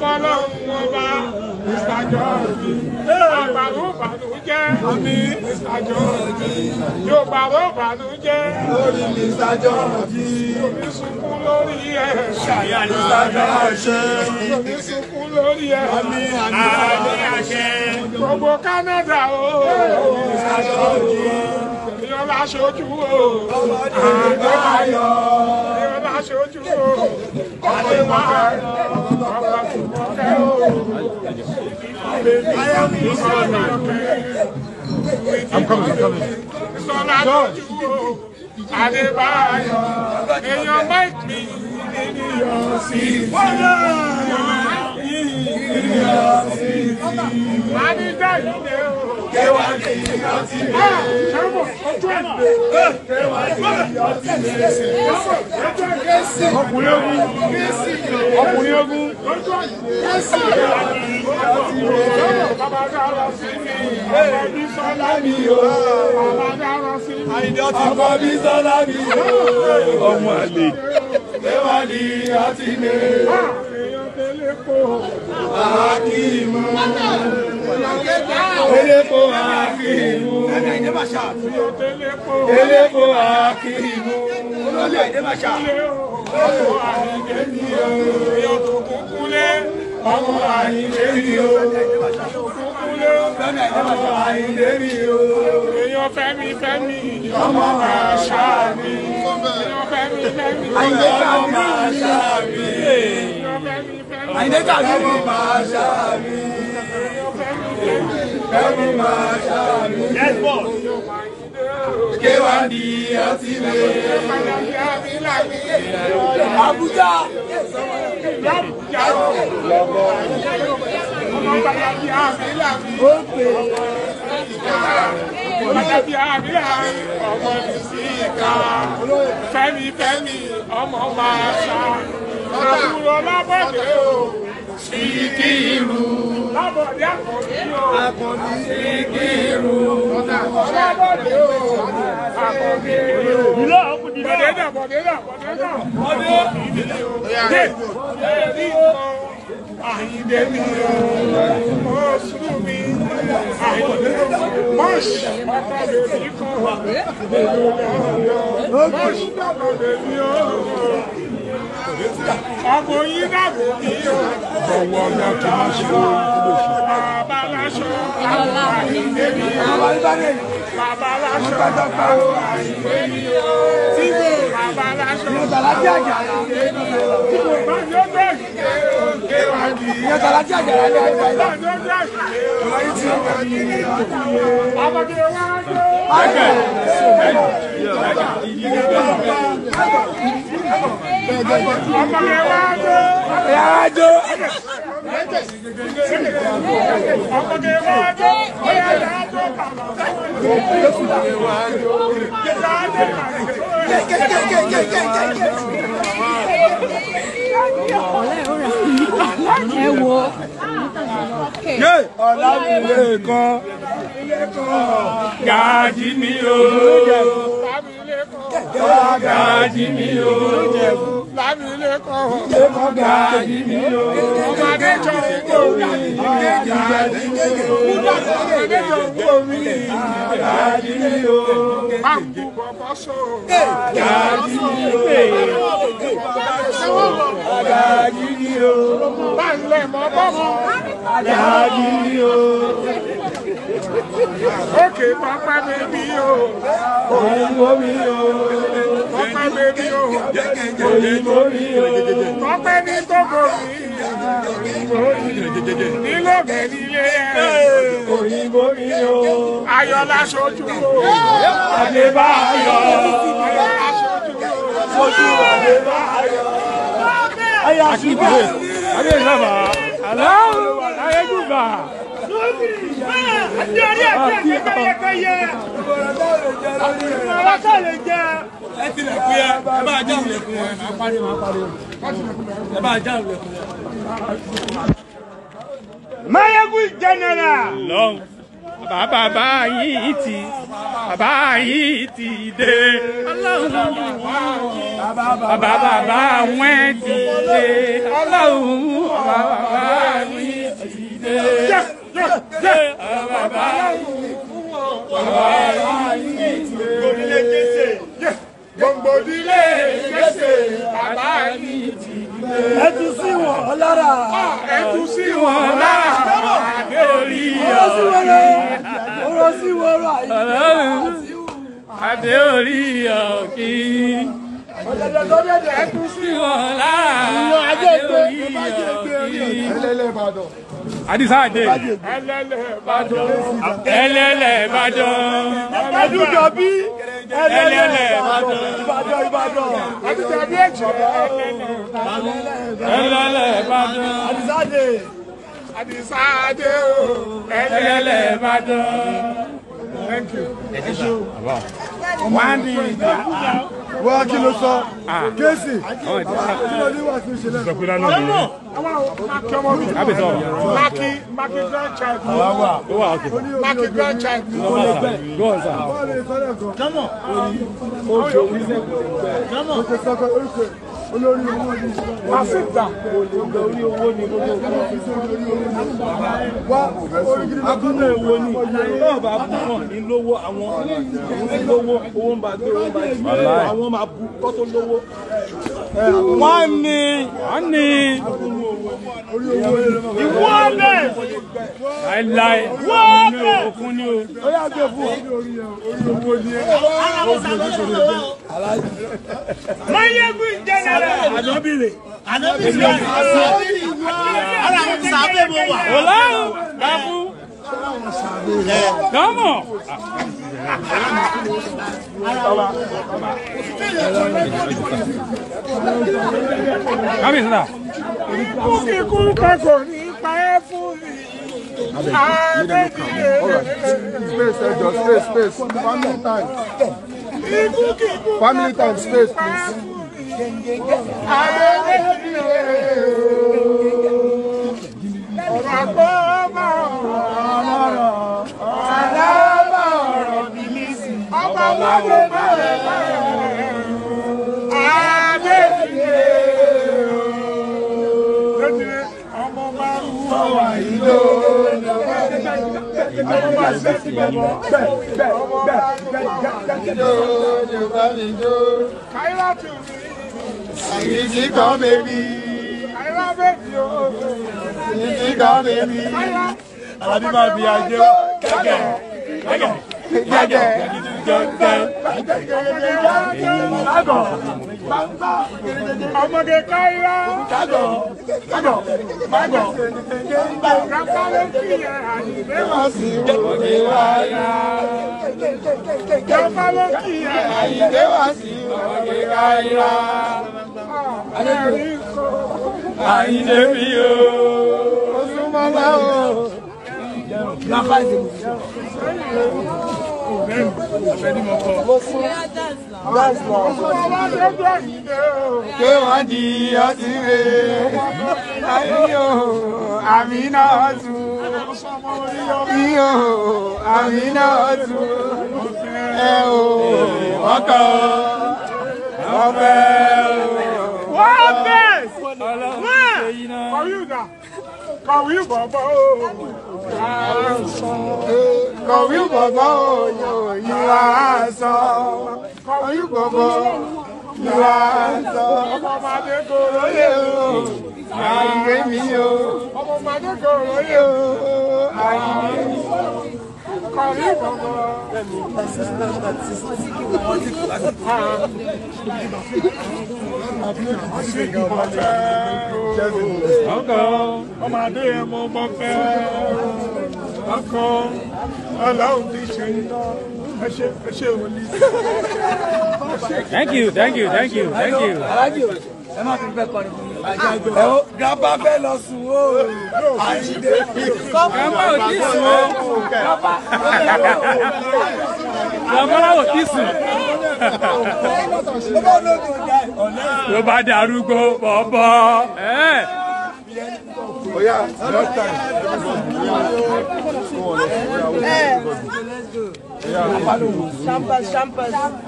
fọlọ́run ọba Mr. George àgbàrò bànújẹ́ omi Mr. George yóò gbàrò bànújẹ́ lórí Mr. George omi sunkún lórí ẹ̀ ṣàyà Mr. George omi sunkún lórí ẹ̀ àmì àmì àṣẹ gbogbo Canada o Mr. George ìrọ̀lá aṣojú o. Ọmọdé ayọ̀. ìrọ̀lá aṣojú o. Ọmọdé máa yọ. I'm coming, I'm coming. I George. Adébáyọ̀, èèyàn máìkì nínú ìyọ̀ sí. Wọ́n yára ọkùnrin ogun ọkùnrin ogun ọkọ bí sọlá mi elépo àkìmù. elépo àkìmù. elépo àkìmù. ilé ọkọ̀ àyìnbé ni o. ìyá tó kún kúlé. ọmọ àyìnbé ni o. ọmọ àyìnbé ni o. èèyàn fẹ́mi fẹ́mi. ọmọ àṣà mi. èèyàn fẹ́mi fẹ́mi. ọmọ àṣà mi àyìnlẹ́ kàbí. fẹ́mi máa máa ṣàmì. yes boss. kéwàndì àti lè. Abuja. lọ́bọ̀. ó pè mi sí ìka fẹ́mi fẹ́mi ọmọ máa ṣá. Sikiru, lábọ̀dé o. Síkírù. Lábọ̀dé àkànbí o. Àkànbí síkírù. Lábọ̀dé o. Àkànbí o. Ìlú ọkùnrin dídá. Bọ̀dé dà bọ̀dé dà bọ̀dé ọkọ yín dàgbò mí o. ọwọ́ ọ̀gá kì í ṣe owó ìdílé ṣe. bàbá aláṣọ àwọn àìlè mi o. bàbá aláṣọ àwọn àìlè mi o. bàbá aláṣọ àwọn àìlè mi o ìyẹn tọ́lá tí àjàrà ilé ẹgbẹ́ ilé tọ́lá yìí ti ń bọ̀ ní ìlú. Ọmọge wa jó, ọyá yà á jó kàlọ́. Ọmọge wa jó, ọyá yà á jó kàlọ́. ẹ wo. ọ̀làmìlẹ̀ kan gàjí mi o gàjí mi o mi lè kọ́ ọ. ilé kọ́ ga ibi o. ọmọdé jọ owó mi. ilé ga ibi o. ọmọdé jọ owó mi. ga ibi o. báńkì bọ́bọ́ so. ga ibi o. ga ibi o. báńkì lè mọ́ bọ́ mọ́. ga ibi o. Ókè pápá bèbí o. oh, baby, oh, Pápá bèbí o. Òyìnbó mi o. Tọ́pẹ́ ní tókò mi. Òyìnbó mi o. Nílòkè nílé ẹ̀. Òyìnbó mi o. Ayọ̀ láṣojú o. Àdébá ayọ̀. Ayọ̀ láṣojú o. Sojú àdébá ayọ̀. Ayọ̀ àṣìbò. Adé ìjọba. Àlọ́ àyẹ̀jú gbà àdéhùn àti ẹgbẹ́ yẹ kọ́ yẹ. àwọn ká lè jẹ. ẹ tilẹ̀ kú yẹ ẹ bá bàbá bá yìí ti bàbá yìí ti dé bàbá bàbá wọ́n ti dé bàbá bàbá yìí ti dé ṣe àbàbà yìí fún ọ̀pọ̀ yìí gbòdìlé kése gbòdìlé kése bàbá yìí ti gbé. ẹ tú sí wọn lára. ẹ tú sí wọn lára. àgbẹ̀ orí ọ̀rọ̀ ọ̀rọ̀ sí wọn rà yìí. àdé orí ọ̀kí. ọ̀dẹ̀dẹ̀ tó dẹ̀dẹ̀ ẹ tú sí wọn lára. àdé orí ọ̀kí. Adisa Ade. Ẹlẹ́lẹ̀ Ìbàdàn. Ẹlẹ́lẹ̀ Ìbàdàn. Ẹlẹ́lẹ̀ Ìjọbí. Ẹlẹ́lẹ̀ Ìbàdàn. Ìbàdàn Ìbàdàn. Adisa Ade Ẹ̀jẹ̀. Ẹlẹ́lẹ̀ Ìbàdàn. Adisa Ade. Adisa Ìbàdàn thank you thank you ọmọ andi ìjà wá kí ló sọ kéésì ah. oh, kí ló ní wà tí ó ṣe lẹ́nu. ìsọ̀kúlá náà nìyẹn. ọmọ maki ọmọ mi. a bẹ sọ. maki maki grandchild. àwa wà oh, ó wà ókè. maki grandchild. lọ́wọ́ sà lọ́wọ́ sà. bọ́ọ̀lù ìsọ̀rọ̀ ẹ̀kọ́. jọ́mọ̀. o ṣe orí sẹ́kù. jọ́mọ̀. o ṣe sọ́kọ̀ orí sẹ́kù olórí owó ni àfìgbà ògbà orí owó ni gbogbo wá agbọ́dọ̀ èwo ni náà bá bú wọn ní lówó àwọn ní owó ń bá gbé owó bá jì àwọn máa bu kọ́ tó lówó. wọ́n ní wọ́n ní ìwọ bẹ̀ láìláì wọ́n bẹ̀ òkun ni o. ó yà gbé fún ọ. orí owó ni ẹ mayegun jẹnẹrẹ. Space, space, space. One more time. Family time, space, please. Ọba ọlọ́run. ọmọ bá ṣe ti bẹ̀ mọ́ bẹ́ẹ̀ bẹ́ẹ̀ bẹ́ẹ̀ bẹ́ẹ̀ bẹ́ẹ̀ bẹ́ẹ̀ Kaira to me. Ìjì kan bèbí. Kaira bèbí o. Ìjì kan bèbí. Kaira. Àbí máa bí ajé kẹ̀kẹ́ kẹ̀kẹ́ kẹ̀kẹ́ ọmọdé káyọ kápá ló fi àdìgbé wọn sí òde wáyà kápá ló fi àdìgbé wọn sí òde káyọ. Àyìnlé mi o. Oṣù Mọ́lá o. Nàfàìsì. Then àfẹ́dí mo kọ. Mo fún dance na. Ọmọ lẹ́gbẹ́ mi dé o. Ṣé wọ́n di ọtí re? Ayé o, àmì náà tù. Bí o, àmì náà tù. Ẹ o, ọkọ, ọbẹ̀ o. Wọ́n bẹ̀. Wọ́n kọ̀wé ìgbà kọ̀wé ìgbà bọ̀ o. Kọ̀wé bọ̀bọ̀ òyò ìwà sọ. Kọ̀wé bọ̀bọ̀ ìwà sọ. Ọmọdé kò lóye o. Àyè mi o. Ọmọdé kò lóye o. Àyè mi o. Kọ̀wé bọ̀bọ̀. My sister, my sister. Ọkọ̀ ọmọdé mo mọ fẹ́ kan aláwọ̀ ti ṣe ń lọ thank you thank you thank you thank you. ẹ má fi bẹ́ẹ̀ kọrin fún mi. ẹ o grandpa fẹ́ lọ sùn o àyíde. grandpa ò tí sùn o grandpa grandpa ò tí sùn. ló bá darúgbó bọ̀ọ̀bọ̀. Oya, your time. Champers, eh. champers.